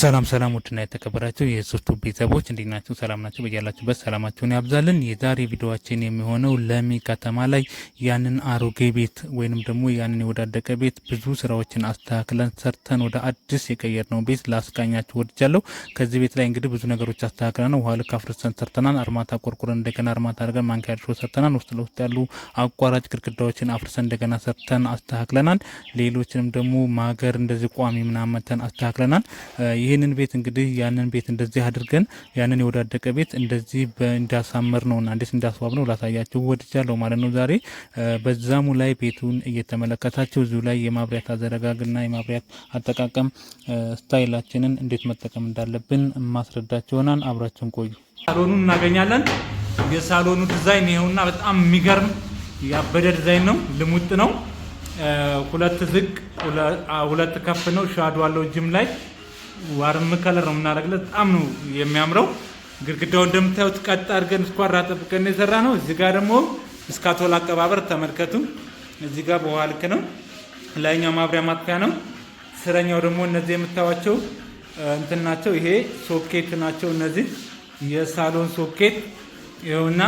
ሰላም ሰላም ውድና የተከበራችሁ የሶስቱ ቤተሰቦች እንዴት ናችሁ? ሰላም ናችሁ? በያላችሁበት ሰላማችሁን ያብዛልን። የዛሬ ቪዲዮችን የሚሆነው ለሚ ከተማ ላይ ያንን አሮጌ ቤት ወይንም ደግሞ ያንን የወዳደቀ ቤት ብዙ ስራዎችን አስተካክለን ሰርተን ወደ አዲስ የቀየርነው ቤት ላስቃኛችሁ ወድጃለሁ። ከዚህ ቤት ላይ እንግዲህ ብዙ ነገሮች አስተካክለን ውሃ ልክ አፍርሰን ሰርተናል። አርማታ ቆርቁረን እንደገና አርማታ አድርገን ማንኪያ ድሾ ሰርተናል። ውስጥ ለውስጥ ያሉ አቋራጭ ግድግዳዎችን አፍርሰን እንደገና ሰርተን አስተካክለናል። ሌሎችንም ደግሞ ማገር እንደዚህ ቋሚ ምናመተን አስተካክለናል። ይህንን ቤት እንግዲህ ያንን ቤት እንደዚህ አድርገን ያንን የወዳደቀ ቤት እንደዚህ እንዳሳመር እና እንዴት እንዳስዋብ ነው ላሳያችሁ ወድጃለሁ ማለት ነው ዛሬ። በዛሙ ላይ ቤቱን እየተመለከታችሁ እዚሁ ላይ የማብሪያት አዘረጋግና የማብሪያት አጠቃቀም ስታይላችንን እንዴት መጠቀም እንዳለብን ማስረዳቸው ይሆናል። አብራችሁን ቆዩ። ሳሎኑን እናገኛለን። የሳሎኑ ዲዛይን ይኸውና፣ በጣም የሚገርም ያበደ ዲዛይን ነው። ልሙጥ ነው። ሁለት ዝቅ ሁለት ከፍ ነው። ሻዶ አለው ጅም ላይ ዋርም ከለር ነው የምናደርግለት። በጣም ነው የሚያምረው። ግድግዳው እንደምታዩት ቀጥ አድርገን ስኳራ ጠብቀን የሰራ ነው። እዚህ ጋር ደግሞ እስካቶል አቀባበር ተመልከቱ። እዚህ ጋር በውሃ ልክ ነው። ላይኛው ማብሪያ ማጥፊያ ነው። ስረኛው ደግሞ እነዚህ የምታዩቸው እንትን ናቸው። ይሄ ሶኬት ናቸው። እነዚህ የሳሎን ሶኬት ይኸውና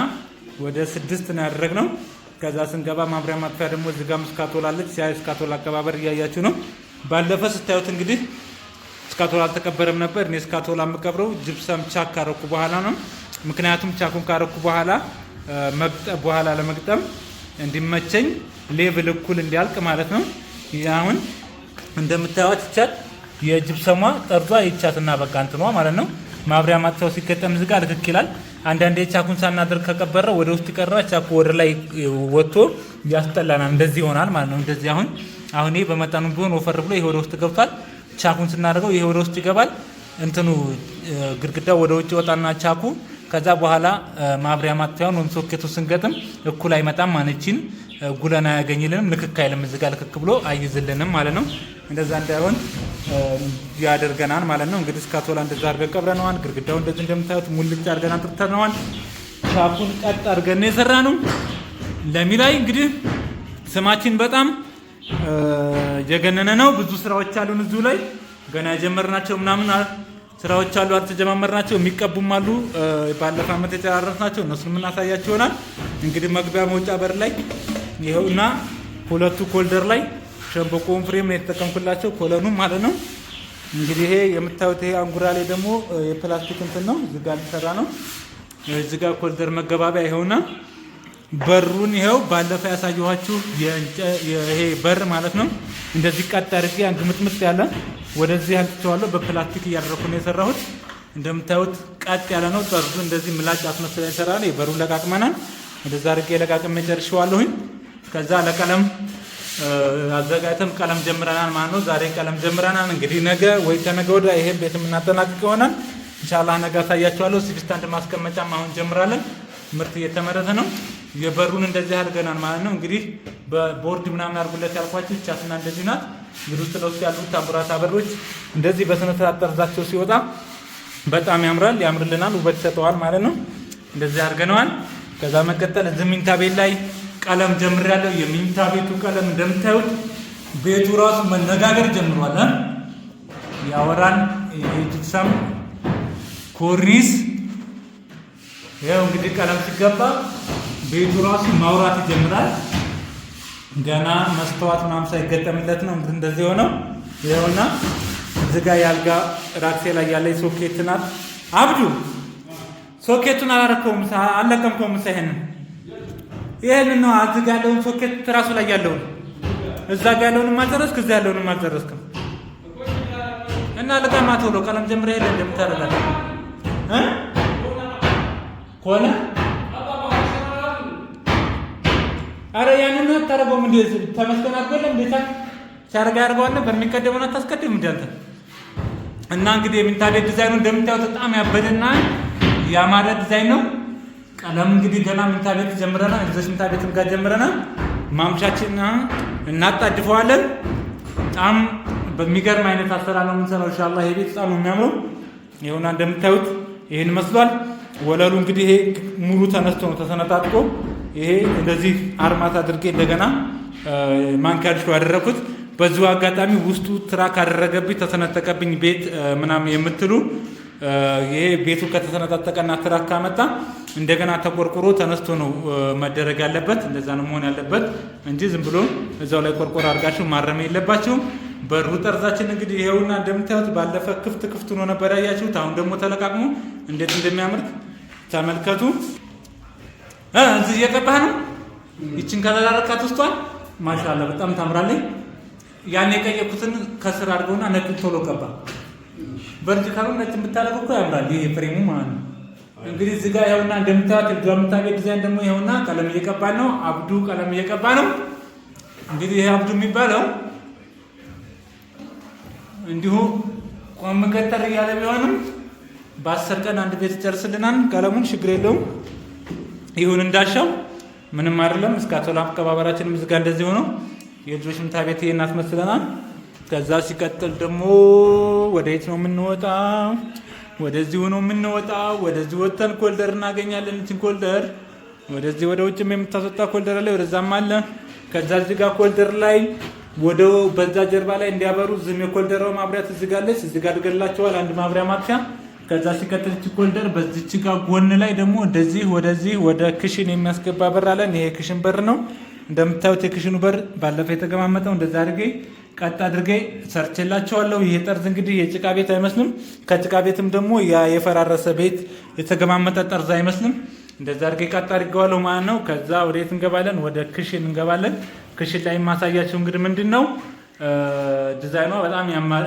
ወደ ስድስት ነው ያደረግነው። ከዛ ስንገባ ማብሪያ ማጥፊያ ደግሞ እዚህ ጋር አለች። ሲያ እስካቶል አቀባበር እያያችሁ ነው። ባለፈ ስታዩት እንግዲህ እስካቶላ አልተቀበረም ነበር። እኔ እስካቶላ የምቀብረው ጅብሰም ቻክ ካረኩ በኋላ ነው። ምክንያቱም ቻኩን ካረኩ በኋላ በኋላ ለመግጠም እንዲመቸኝ ሌቭል እኩል እንዲያልቅ ማለት ነው። አሁን እንደምታዩት ይቻት የጅብሰሟ ጠርዟ ይቻትና በቃ እንትኗ ማለት ነው። ማብሪያ ማጥፊያው ሲገጠም ዝጋ ልክክ ይላል። አንዳንዴ ቻኩን ሳናደርግ ከቀበረ ወደ ውስጥ ይቀራ፣ ቻኩ ወደ ላይ ወጥቶ ያስጠላናል። እንደዚህ ይሆናል ማለት ነው። እንደዚህ አሁን አሁን በመጠኑ ቢሆን ወፈር ብሎ ይሄ ወደ ውስጥ ገብቷል። ቻኩን ስናደርገው ይሄ ወደ ውስጥ ይገባል። እንትኑ ግድግዳው ወደ ውጭ ወጣና ቻኩ ከዛ በኋላ ማብሪያ ማጥፊያውን ወይም ሶኬቱ ስንገጥም እኩል አይመጣም። ማነችን ጉለን አያገኝልንም። ንክክ አይልም። እዚህ ጋር ልክክ ብሎ አይዝልንም ማለት ነው። እንደዛ እንዳይሆን ያደርገናል ማለት ነው። እንግዲህ እስካቶላ እንደዛ አድርገን ቀብረነዋል። ግድግዳው እንደዚህ እንደምታዩት ሙልጭ አድርገን አጥርተነዋል። ቻኩን ቀጥ አድርገን የሰራ ነው። ለሚላይ እንግዲህ ስማችን በጣም የገነነ ነው። ብዙ ስራዎች አሉን እዚሁ ላይ ገና የጀመርናቸው ምናምን ስራዎች አሉ፣ አልተጀማመርናቸው የሚቀቡም አሉ። ባለፈ ዓመት የጨራረስናቸው እነሱን የምናሳያቸው ይሆናል። እንግዲህ መግቢያ መውጫ በር ላይ ይኸው እና ሁለቱ ኮልደር ላይ ሸንበቆውን ፍሬም ነው የተጠቀምኩላቸው፣ ኮለኑም ማለት ነው። እንግዲህ ይሄ የምታዩት ይሄ አንጉራ ላይ ደግሞ የፕላስቲክ እንትን ነው፣ ዝጋ ሊሰራ ነው። ዝጋ ኮልደር መገባቢያ ይኸውና በሩን ይኸው ባለፈው ያሳየኋችሁ ይሄ በር ማለት ነው። እንደዚህ ቀጥ አድርጌ አንድ ምጥምጥ ያለ ወደዚህ ያልትቸዋለሁ። በፕላስቲክ እያደረኩ ነው የሰራሁት። እንደምታዩት ቀጥ ያለ ነው። ጠርዙ እንደዚህ ምላጭ አስመስላ ይሰራል። የበሩን ለቃቅመናል። እንደዛ አድርጌ ለቃቅም ጨርሼዋለሁኝ። ከዛ ለቀለም አዘጋጅተን ቀለም ጀምረናል ማለት ነው። ዛሬ ቀለም ጀምረናል። እንግዲህ ነገ ወይ ከነገ ወደ ይሄ ቤት የምናጠናቅቅ ይሆናል። እንሻላ ነገ አሳያችኋለሁ። ስድስት ማስቀመጫም አሁን ጀምራለን። ምርት እየተመረተ ነው። የበሩን እንደዚህ አድርገናል ማለት ነው። እንግዲህ በቦርድ ምናምን አድርጉለት ያልኳቸው ቻትና እንደዚህ ናት። እንግዲህ ውስጥ ለውስጥ ያሉት አምቡራታ በሮች እንደዚህ በስነስርዓት ጠርዛቸው ሲወጣ በጣም ያምራል፣ ያምርልናል፣ ውበት ይሰጠዋል ማለት ነው። እንደዚህ አድርገነዋል። ከዛ መቀጠል እዚህ ሚኝታ ቤት ላይ ቀለም ጀምሬያለሁ። የሚኝታ ቤቱ ቀለም እንደምታዩት ቤቱ ራሱ መነጋገር ጀምሯል። ያወራን የጅብሰም ኮሪስ ይኸው እንግዲህ ቀለም ሲገባ ቤቱ ራሱ ማውራት ይጀምራል። ገና መስተዋት ምናምን ሳይገጠምለት ነው እንግዲህ እንደዚህ ሆነው ይኸውና፣ እዚህ ጋር የአልጋ ራክሴ ላይ ያለ ሶኬት ናት። አብዱ ሶኬቱን አላረከውም፣ አልለቀምከውም። ይሄንን ይህን ነው እዚህ ጋር ያለውን ሶኬት ራሱ ላይ ያለውን እዛ ጋር ያለውንም አልጨረስክ፣ እዛ ያለውንም አልጨረስክም። እና ልቀማ ቶሎ ቀለም ጀምረ የለ እንደምታደርጋለህ ከሆነ አረ ያንን አታደርገውም። እንደ ተመስተናገለ እንዴታ እንዴታ ሲያደርጋ ያደርገዋለ ነው አታስቀድም እንዳንተ እና እንግዲህ የምንታደድ ዲዛይኑ እንደምታዩት በጣም ያበደና ያማረ ዲዛይን ነው። ቀለም እንግዲህ ገና ምንታቤት ጀምረና እዚህ ምንታቤት ጋር ጀምረና ማምሻችን እናጣድፈዋለን። በጣም በሚገርም አይነት አሰራር ነው የምንሰራው። ኢንሻአላህ ይሄ ቤት በጣም ነው የሚያምረው። ይኸውና እንደምታዩት ይህን መስሏል። ወለሉ እንግዲህ ይሄ ሙሉ ተነስቶ ነው ተሰነጣጥቆ፣ ይሄ እንደዚህ አርማት አድርጌ እንደገና ማንካድሾ ያደረኩት። በዚሁ አጋጣሚ ውስጡ ትራክ አደረገብኝ፣ ተሰነጠቀብኝ ቤት ምናምን የምትሉ ይሄ ቤቱ ከተሰነጣጠቀና ትራክ ካመጣ እንደገና ተቆርቆሮ ተነስቶ ነው መደረግ ያለበት። እንደዛ ነው መሆን ያለበት እንጂ ዝም ብሎ እዛው ላይ ቆርቆሮ አድርጋችሁ ማረም የለባችሁም። በሩ ጠርዛችን እንግዲህ ይሄውና እንደምታዩት ባለፈ ክፍት ክፍት ሆኖ ነበር ያያችሁት። አሁን ደግሞ ተለቃቅሞ እንዴት እንደሚያምር ተመልከቱ። እዚህ እየቀባህ ነው። ይችን ከተዳረካት ውስጧል ማሻላ በጣም ታምራለች። ያን የቀየኩትን ከስር አድርገውና ነጭ ቶሎ ቀባ። በእርጅ ካሉ ነጭ ብታደርግ እኮ ያምራል። ይህ ፍሬሙ ማለት ነው። እንግዲህ እዚህ ጋር ይኸውና እንደምታዩት የምታገ ዲዛይን ደግሞ ይኸውና ቀለም እየቀባ ነው። አብዱ ቀለም እየቀባ ነው። እንግዲህ ይሄ አብዱ የሚባለው እንዲሁ ቆም ቀጠር እያለ ቢሆንም በአስር ቀን አንድ ቤት ጨርስልናል። ቀለሙን ችግር የለውም። ይሁን እንዳሻው ምንም አይደለም። እስከ አቶላ አቀባበላችንም ምዝጋ እንደዚህ ሆኖ የልጆች ምታ ቤት እናስመስለናል። ከዛ ሲቀጥል ደግሞ የት ነው የምንወጣ? ወደዚሁ ነው የምንወጣ ወደዚህ ወጥተን ኮልደር እናገኛለን። እንትን ኮልደር ወደዚህ ወደ ውጭም የምታስወጣ ኮልደር ላይ ወደዛም አለ። ከዛ እዚህ ጋር ኮልደር ላይ ወደ በዛ ጀርባ ላይ እንዲያበሩ ዝም የኮልደራው ማብሪያ ትዝጋለች። እዚህ ጋር አድርገላቸዋል አንድ ማብሪያ ማጥፊያ። ከዛ ሲቀጥል ኮልደር በዚች ጋር ጎን ላይ ደግሞ እንደዚህ ወደዚህ ወደ ክሽን የሚያስገባ በር አለን። ይሄ የክሽን በር ነው እንደምታዩት። የክሽኑ በር ባለፈ የተገማመጠው እንደዛ አድርጌ ቀጥ አድርጌ ሰርቼላቸዋለሁ። ይሄ ጠርዝ እንግዲህ የጭቃ ቤት አይመስልም። ከጭቃ ቤትም ደግሞ ያ የፈራረሰ ቤት የተገማመጠ ጠርዝ አይመስልም። እንደዛ አድርጌ ቀጥ አድርጌዋለሁ ማለት ነው። ከዛ ወደየት እንገባለን? ወደ ክሽን እንገባለን። ክሽን ላይ የማሳያቸው እንግዲህ ምንድን ነው ዲዛይኗ በጣም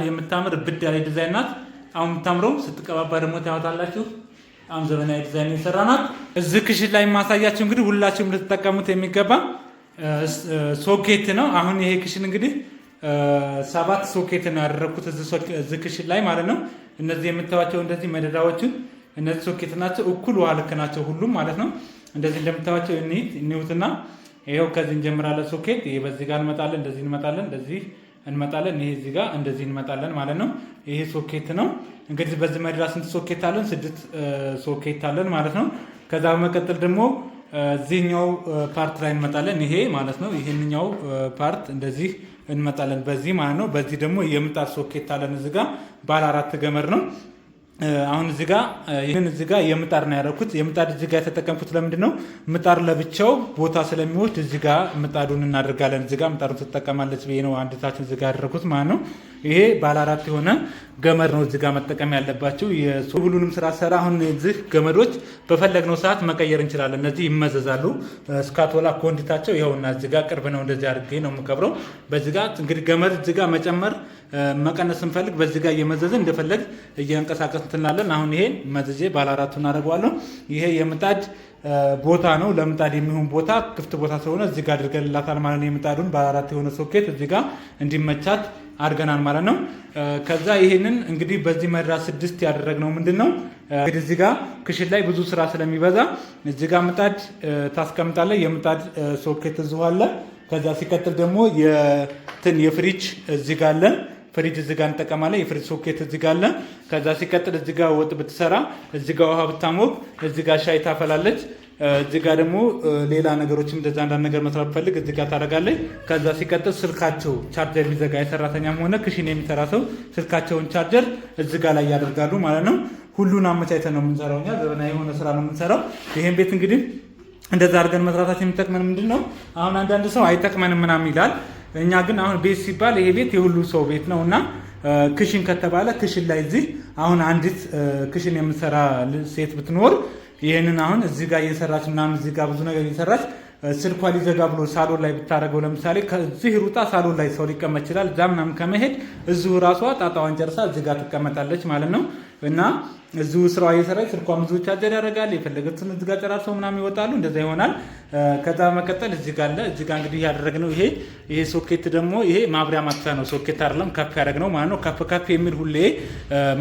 የምታምር ብድ ያለ ዲዛይን ናት። አሁን የምታምረው ስትቀባባ ደግሞ ታወታላችሁ። በጣም ዘመናዊ ዲዛይን የሰራ ናት። እዚህ ክሽን ላይ የማሳያቸው እንግዲህ ሁላችሁም ልትጠቀሙት የሚገባ ሶኬት ነው። አሁን ይሄ ክሽን እንግዲህ ሰባት ሶኬት ነው ያደረግኩት እዚህ ክሽን ላይ ማለት ነው። እነዚህ የምታዋቸው እንደዚህ መደዳዎችን እነዚህ ሶኬት ናቸው። እኩል ውሃ ልክ ናቸው ሁሉም ማለት ነው። እንደዚህ እንደምታዋቸው ኒት ኒውትና ይኸው ከዚህ እንጀምራለን። ሶኬት ይሄ በዚህ ጋር እንመጣለን፣ እንደዚህ እንመጣለን፣ እንደዚህ እንመጣለን። ይሄ እዚህ ጋር እንደዚህ እንመጣለን ማለት ነው። ይሄ ሶኬት ነው እንግዲህ። በዚህ መድራ ስንት ሶኬት አለን? ስድስት ሶኬት አለን ማለት ነው። ከዛ በመቀጠል ደግሞ እዚህኛው ፓርት ላይ እንመጣለን። ይሄ ማለት ነው። ይሄንኛው ፓርት እንደዚህ እንመጣለን፣ በዚህ ማለት ነው። በዚህ ደግሞ የምጣድ ሶኬት አለን። እዚህ ጋር ባለ አራት ገመድ ነው። አሁን እዚህ ጋ ይህን እዚህ ጋ የምጣድ ነው ያደረኩት። የምጣድ እዚህ ጋ የተጠቀምኩት ለምንድን ነው? ምጣድ ለብቻው ቦታ ስለሚወስድ እዚህ ጋ ምጣዱን እናደርጋለን። እዚህ ጋ ምጣዱን ትጠቀማለች ብዬ ነው አንድ ታችን እዚህ ጋ ያደረኩት ማለት ነው። ይሄ ባለ አራት የሆነ ገመድ ነው እዚህ ጋ መጠቀም ያለባቸው። ሁሉንም ስራ ሰራ። አሁን እዚህ ገመዶች በፈለግነው ሰዓት መቀየር እንችላለን። እነዚህ ይመዘዛሉ። እስካቶላ ኮንዲታቸው ይኸውና፣ እዚህ ጋ ቅርብ ነው። እንደዚህ አድርጌ ነው የምከብረው። በዚህ ጋ እንግዲህ ገመድ እዚህ ጋ መጨመር መቀነስ ስንፈልግ በዚህ ጋር እየመዘዝን እንደፈለግ እየንቀሳቀስ እንትናለን። አሁን ይሄ መዝዤ ባለ አራቱ እናደርገዋለሁ። ይሄ የምጣድ ቦታ ነው። ለምጣድ የሚሆን ቦታ ክፍት ቦታ ስለሆነ እዚህ ጋር አድርገንላታል ማለት ነው። የምጣዱን ባለ የሆነ ሶኬት እዚህ ጋር እንዲመቻት አድርገናል ማለት ነው። ከዛ ይሄንን እንግዲህ በዚህ መድራ ስድስት ያደረግነው ምንድን ነው እንግዲህ እዚህ ጋር ክሽን ላይ ብዙ ስራ ስለሚበዛ እዚህ ጋር ምጣድ ታስቀምጣለህ። የምጣድ ሶኬት እዚሁ አለ። ከዛ ሲቀጥል ደግሞ የትን የፍሪጅ እዚህ ጋር ፍሪጅ እዚጋ እንጠቀማለን። የፍሪጅ ሶኬት እዚጋ አለ። ከዛ ሲቀጥል እዚጋ ወጥ ብትሰራ፣ እዚጋ ውሃ ብታሞቅ፣ እዚጋ ሻይ ታፈላለች። እዚጋ ደግሞ ሌላ ነገሮችም እንደዛ አንዳንድ ነገር መስራት ፈልግ እዚጋ ታደርጋለች። ከዛ ሲቀጥል ስልካቸው ቻርጀር የሚዘጋ የሰራተኛም ሆነ ክሽን የሚሰራ ሰው ስልካቸውን ቻርጀር እዚጋ ላይ ያደርጋሉ ማለት ነው። ሁሉን አመቻችተን ነው የምንሰራው እኛ ዘመናዊ የሆነ ስራ ነው የምንሰራው። ይሄን ቤት እንግዲህ እንደዛ አድርገን መስራታችን የሚጠቅመን ምንድን ነው? አሁን አንዳንድ ሰው አይጠቅመንም ምናምን ይላል። እኛ ግን አሁን ቤት ሲባል ይሄ ቤት የሁሉ ሰው ቤት ነው እና ክሽን ከተባለ ክሽን ላይ እዚህ አሁን አንዲት ክሽን የምትሰራ ሴት ብትኖር ይህንን አሁን እዚህ ጋር እየሰራች ምናምን እዚህ ጋር ብዙ ነገር እየሰራች ስልኳ ሊዘጋ ብሎ ሳሎን ላይ ብታደረገው ለምሳሌ ከዚህ ሩጣ ሳሎን ላይ ሰው ሊቀመጥ ይችላል። እዛ ምናምን ከመሄድ እዚሁ ራሷ ጣጣዋን ጨርሳ እዚህ ጋር ትቀመጣለች ማለት ነው እና እዚሁ ስራዋ እየሰራች ስልኳም እዚሁ ቻርጀር ያደርጋል። የፈለገትን እዚህ ጋር ጨራርሰው ምናምን ይወጣሉ። እንደዛ ይሆናል። ከዛ መቀጠል እዚህ ጋር አለ። እዚህ ጋር እንግዲህ ያደረግነው ይሄ ይሄ ሶኬት ደግሞ ይሄ ማብሪያ ማጥፊያ ነው። ሶኬት አይደለም ከፍ ያደረግነው ማለት ነው። ከፍ ከፍ የሚል ሁሌ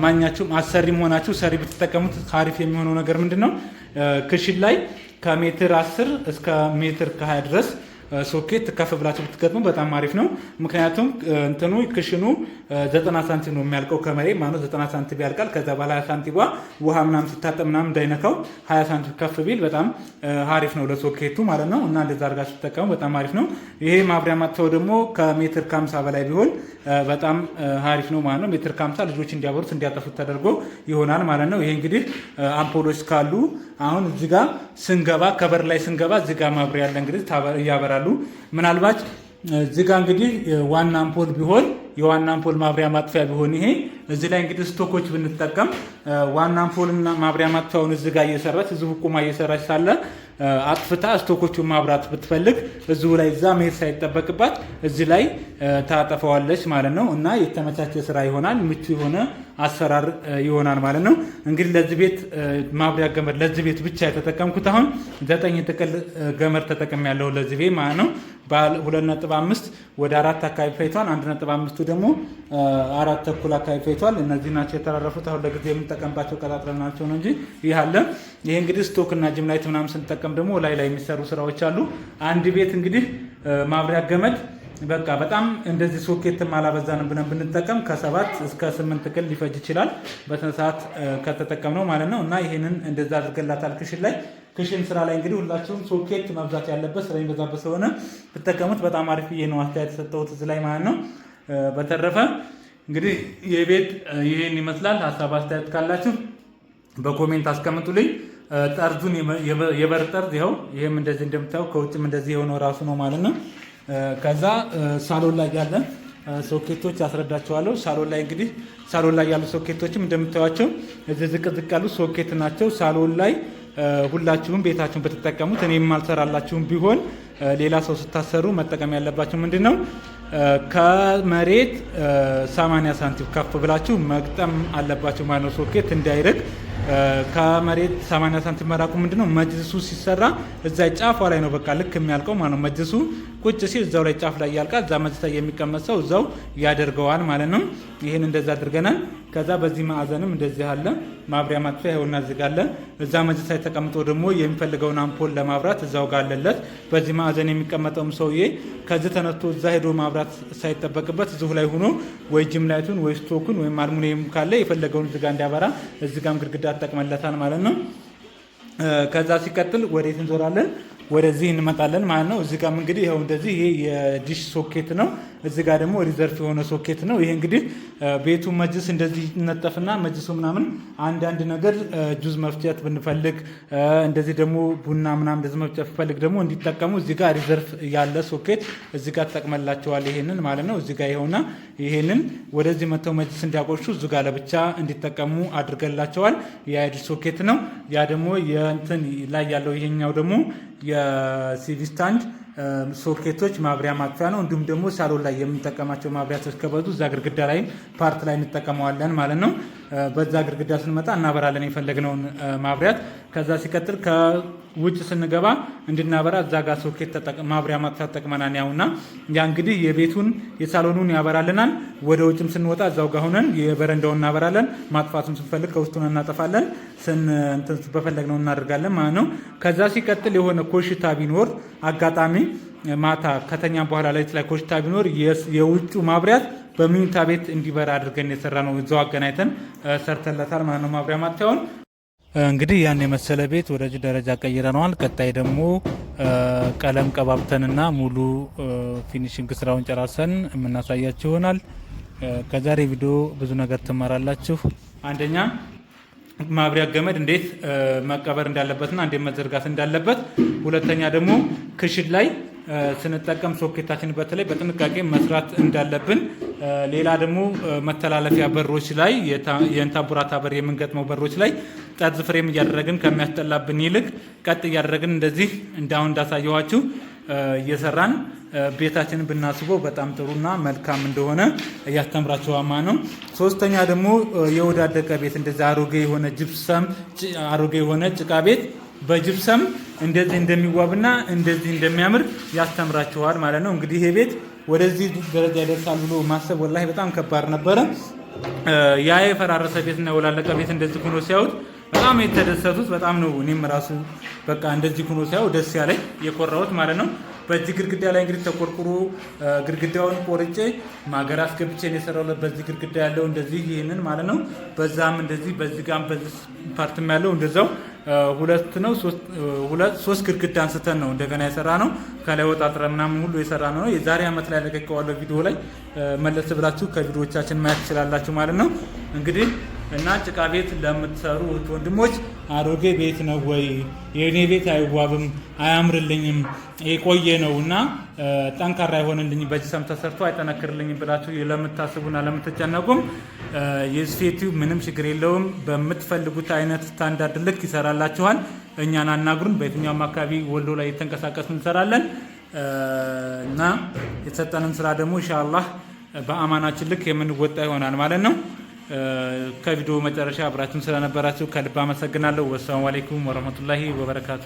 ማኛችሁም አሰሪ መሆናችሁ ሰሪ ብትጠቀሙት ካሪፍ የሚሆነው ነገር ምንድን ነው ክሽን ላይ ከሜትር 10 እስከ ሜትር ከ20 ድረስ ሶኬት ከፍ ብላችሁ ብትገጥሙ በጣም አሪፍ ነው። ምክንያቱም እንትኑ ክሽኑ 90 ሳንቲም ነው የሚያልቀው ከመሬት ማለት 90 ሳንቲም ያልቃል። ከዛ በኋላ 20 ሳንቲም ውሃ ምናምን ሲታጠብ ምናምን እንዳይነካው 20 ሳንቲም ከፍ ቢል በጣም አሪፍ ነው ለሶኬቱ ማለት ነው። እና እንደዛ አድርጋችሁ ብትጠቀሙ በጣም አሪፍ ነው። ይሄ ማብሪያ ማጥተው ደግሞ ከሜትር ከ50 በላይ ቢሆን በጣም አሪፍ ነው ማለት ነው። ሜትር ከ50 ልጆች እንዲያበሩት እንዲያጠፉት ተደርጎ ይሆናል ማለት ነው። ይሄ እንግዲህ አምፖሎች ካሉ አሁን እዚህ ጋር ስንገባ ከበር ላይ ስንገባ እዚህ ጋር ማብሪያ ያለ እንግዲህ ያበራሉ። ምናልባት እዚህ ጋር እንግዲህ ዋና አምፖል ቢሆን የዋና አምፖል ማብሪያ ማጥፊያ ቢሆን ይሄ እዚህ ላይ እንግዲህ ስቶኮች ብንጠቀም ዋና አምፖልና ማብሪያ ማጥፊያውን እዚህ ጋር እየሰራች እዚሁ ቁማ እየሰራች ሳለ አጥፍታ ስቶኮቹን ማብራት ብትፈልግ እዚሁ ላይ እዛ መሄድ ሳይጠበቅባት እዚህ ላይ ታጠፈዋለች ማለት ነው እና የተመቻቸ ስራ ይሆናል ምቹ የሆነ አሰራር ይሆናል ማለት ነው። እንግዲህ ለዚህ ቤት ማብሪያ ገመድ ለዚህ ቤት ብቻ የተጠቀምኩት አሁን ዘጠኝ ጥቅል ገመድ ተጠቅም ያለው ለዚህ ቤት ማለት ነው። ሁለት ነጥብ አምስት ወደ አራት አካባቢ ፈይቷል። አንድ ነጥብ አምስቱ ደግሞ አራት ተኩል አካባቢ ፈይቷል። እነዚህ ናቸው የተራረፉት። አሁን ለጊዜ የምንጠቀምባቸው ቀጣጥለን ናቸው ነው እንጂ ይህ አለ። ይህ እንግዲህ ስቶክና ጅምላይት ምናምን ስንጠቀም ደግሞ ላይ ላይ የሚሰሩ ስራዎች አሉ። አንድ ቤት እንግዲህ ማብሪያ ገመድ በቃ በጣም እንደዚህ ሶኬት አላበዛንም ብለን ብንጠቀም ከሰባት እስከ ስምንት ቅል ሊፈጅ ይችላል በስነስርዓት ከተጠቀምነው ማለት ነው። እና ይህንን እንደዛ አድርገላታል ክሽን ላይ ክሽን ስራ ላይ እንግዲህ ሁላችሁም ሶኬት መብዛት ያለበት ስራ የሚበዛበት ስለሆነ ብጠቀሙት በጣም አሪፍ ይህ ነው አስተያየት የሰጠሁት እዚህ ላይ ማለት ነው። በተረፈ እንግዲህ የቤት ይህን ይመስላል። ሀሳብ አስተያየት ካላችሁ በኮሜንት አስቀምጡልኝ። ጠርዙን የበር ጠርዝ ይኸው፣ ይህም እንደዚህ እንደምታየው ከውጭም እንደዚህ የሆነው ራሱ ነው ማለት ነው። ከዛ ሳሎን ላይ ያለ ሶኬቶች ያስረዳቸዋለሁ። ሳሎን ላይ እንግዲህ ሳሎን ላይ ያሉ ሶኬቶችም እንደምታዩቸው እዚህ ዝቅ ዝቅ ያሉ ሶኬት ናቸው። ሳሎን ላይ ሁላችሁም ቤታችሁን ብትጠቀሙት እኔ የማልሰራላችሁም ቢሆን ሌላ ሰው ስታሰሩ መጠቀም ያለባችሁ ምንድን ነው ከመሬት 80 ሳንቲም ከፍ ብላችሁ መግጠም አለባችሁ ማለት ነው። ሶኬት እንዳይረግ ከመሬት 80 ሳንቲም መራቁ ምንድነው? መጅሱ ሲሰራ እዛ ጫፏ ላይ ነው በቃ ልክ የሚያልቀው ማለት ነው። መጅሱ ቁጭ ሲል እዛው ላይ ጫፍ ላይ ያልቃል። እዛ መዝታ የሚቀመጥ ሰው እዛው ያደርገዋል ማለት ነው። ይህን እንደዛ አድርገናል። ከዛ በዚህ ማዕዘንም እንደዚህ አለ ማብሪያ ማጥፊያ ይኸውና እዚህ ጋር አለ። እዛ መዝታ ተቀምጦ ደግሞ የሚፈልገውን አምፖል ለማብራት እዛው ጋር አለለት። በዚህ ማዕዘን የሚቀመጠውም ሰውዬ ከዚህ ተነቶ እዛ ሄዶ ማብራት ሳይጠበቅበት እዚሁ ላይ ሆኖ ወይ ጅም ላይቱን ወይ ስቶኩን ወይም አልሙኒየም ካለ የፈለገውን እዚጋ እንዲያበራ እዚጋም ግድግዳ ትጠቅመለታል ማለት ነው። ከዛ ሲቀጥል ወዴት እንዞራለን? ወደዚህ እንመጣለን ማለት ነው። እዚህ ጋም እንግዲህ ይኸው እንደዚህ ይሄ የዲሽ ሶኬት ነው። እዚህ ጋር ደግሞ ሪዘርፍ የሆነ ሶኬት ነው። ይሄ እንግዲህ ቤቱ መጅስ እንደዚህ ይነጠፍና መጅሱ ምናምን አንዳንድ ነገር ጁዝ መፍጨት ብንፈልግ እንደዚህ ደግሞ ቡና ምናምን እንደዚህ መፍጨት ብንፈልግ ደግሞ እንዲጠቀሙ እዚህ ጋር ሪዘርፍ ያለ ሶኬት እዚህ ጋር ትጠቅመላቸዋል። ይሄንን ማለት ነው። እዚህ ጋር የሆነ ይሄንን ወደዚህ መተው መጅስ እንዲያቆሹ እዚህ ጋር ለብቻ እንዲጠቀሙ አድርገላቸዋል። የአይድል ሶኬት ነው። ያ ደግሞ የእንትን ላይ ያለው ይሄኛው ደግሞ የሲቪ ስታንድ ሶኬቶች ማብሪያ ማጥፊያ ነው። እንዲሁም ደግሞ ሳሎን ላይ የምንጠቀማቸው ማብሪያቶች ከበዙ እዛ ግድግዳ ላይም ፓርት ላይ እንጠቀመዋለን ማለት ነው። በዛ ግድግዳ ስንመጣ እናበራለን የፈለግነውን ማብሪያት። ከዛ ሲቀጥል ውጭ ስንገባ እንድናበራ እዛ ጋር ሶኬት ማብሪያ ማጥፋት ጠቅመናን ያውና ያ እንግዲህ የቤቱን የሳሎኑን ያበራልናል። ወደ ውጭም ስንወጣ እዛው ጋር ሆነን የበረንዳውን እናበራለን። ማጥፋቱም ስንፈልግ ከውስጡን እናጠፋለን። ነው እናደርጋለን ማለት ነው። ከዛ ሲቀጥል የሆነ ኮሽታ ቢኖር አጋጣሚ ማታ ከተኛ በኋላ ላይ ላይ ኮሽታ ቢኖር የውጭ ማብሪያት በመኝታ ቤት እንዲበራ አድርገን የሰራ ነው። እዛው አገናኝተን ሰርተለታል ማለት ነው ማብሪያ ማጥፊያውን እንግዲህ ያን የመሰለ ቤት ወደዚህ ደረጃ ቀይረነዋል። ቀጣይ ደግሞ ቀለም ቀባብተንና ሙሉ ፊኒሽንግ ስራውን ጨራሰን የምናሳያችሁ ይሆናል። ከዛሬ ቪዲዮ ብዙ ነገር ትማራላችሁ። አንደኛ ማብሪያ ገመድ እንዴት መቀበር እንዳለበትና እንዴት መዘርጋት እንዳለበት፣ ሁለተኛ ደግሞ ክሽን ላይ ስንጠቀም ሶኬታችን በተለይ በጥንቃቄ መስራት እንዳለብን፣ ሌላ ደግሞ መተላለፊያ በሮች ላይ የእንታቡራታ በር የምንገጥመው በሮች ላይ ጠርዝ ፍሬም እያደረግን ከሚያስጠላብን ይልቅ ቀጥ እያደረግን እንደዚህ እንዳሁን እንዳሳየኋችሁ እየሰራን ቤታችንን ብናስበው በጣም ጥሩና መልካም እንደሆነ እያስተምራቸዋማ ነው። ሶስተኛ ደግሞ የወዳደቀ ቤት እንደዚህ አሮጌ የሆነ ጅብሰም አሮጌ የሆነ ጭቃ ቤት በጅብሰም እንደዚህ እንደሚዋብና እንደዚህ እንደሚያምር ያስተምራችኋል ማለት ነው። እንግዲህ ይሄ ቤት ወደዚህ ደረጃ ይደርሳል ብሎ ማሰብ ወላሂ በጣም ከባድ ነበረ። ያ የፈራረሰ ቤትና የወላለቀ ቤት እንደዚህ ሆኖ ሲያዩት በጣም የተደሰቱት በጣም ነው። እኔም ራሱ በቃ እንደዚህ ሆኖ ሲያዩ ደስ ያለኝ የኮራሁት ማለት ነው። በዚህ ግድግዳ ላይ እንግዲህ ተቆርቁሮ ግድግዳውን ቆርጬ ማገር አስገብቼን ነው በዚህ ግድግዳ ያለው እንደዚህ ይህንን ማለት ነው። በዛም እንደዚህ በዚህ ጋም በዚህ ፓርትም ያለው እንደዛው ሁለት ነው ሶስት ግድግዳ አንስተን ነው እንደገና የሰራ ነው። ከላይ ወጣጥረ ምናምን ሁሉ የሰራ ነው። የዛሬ ዓመት ላይ ለቀቀዋለሁ ቪዲዮ ላይ መለስ ብላችሁ ከቪዲዮቻችን ማየት ትችላላችሁ ማለት ነው እንግዲህ እና ጭቃ ቤት ለምትሰሩ ወንድሞች አሮጌ ቤት ነው ወይ የእኔ ቤት አይዋብም አያምርልኝም የቆየ ነው እና ጠንካራ አይሆንልኝ በጅሰም ተሰርቶ አይጠነክርልኝም ብላችሁ ለምታስቡና ለምትጨነቁም የስፌቱ ምንም ችግር የለውም በምትፈልጉት አይነት ስታንዳርድ ልክ ይሰራላችኋል እኛን አናግሩን በየትኛውም አካባቢ ወሎ ላይ የተንቀሳቀስ እንሰራለን እና የተሰጠንን ስራ ደግሞ ኢንሻአላህ በአማናችን ልክ የምንወጣ ይሆናል ማለት ነው ከቪዲዮ መጨረሻ አብራችሁን ስለነበራችሁ ከልብ አመሰግናለሁ። ወሰላሙ አሌይኩም ወረህመቱላሂ ወበረካቱ።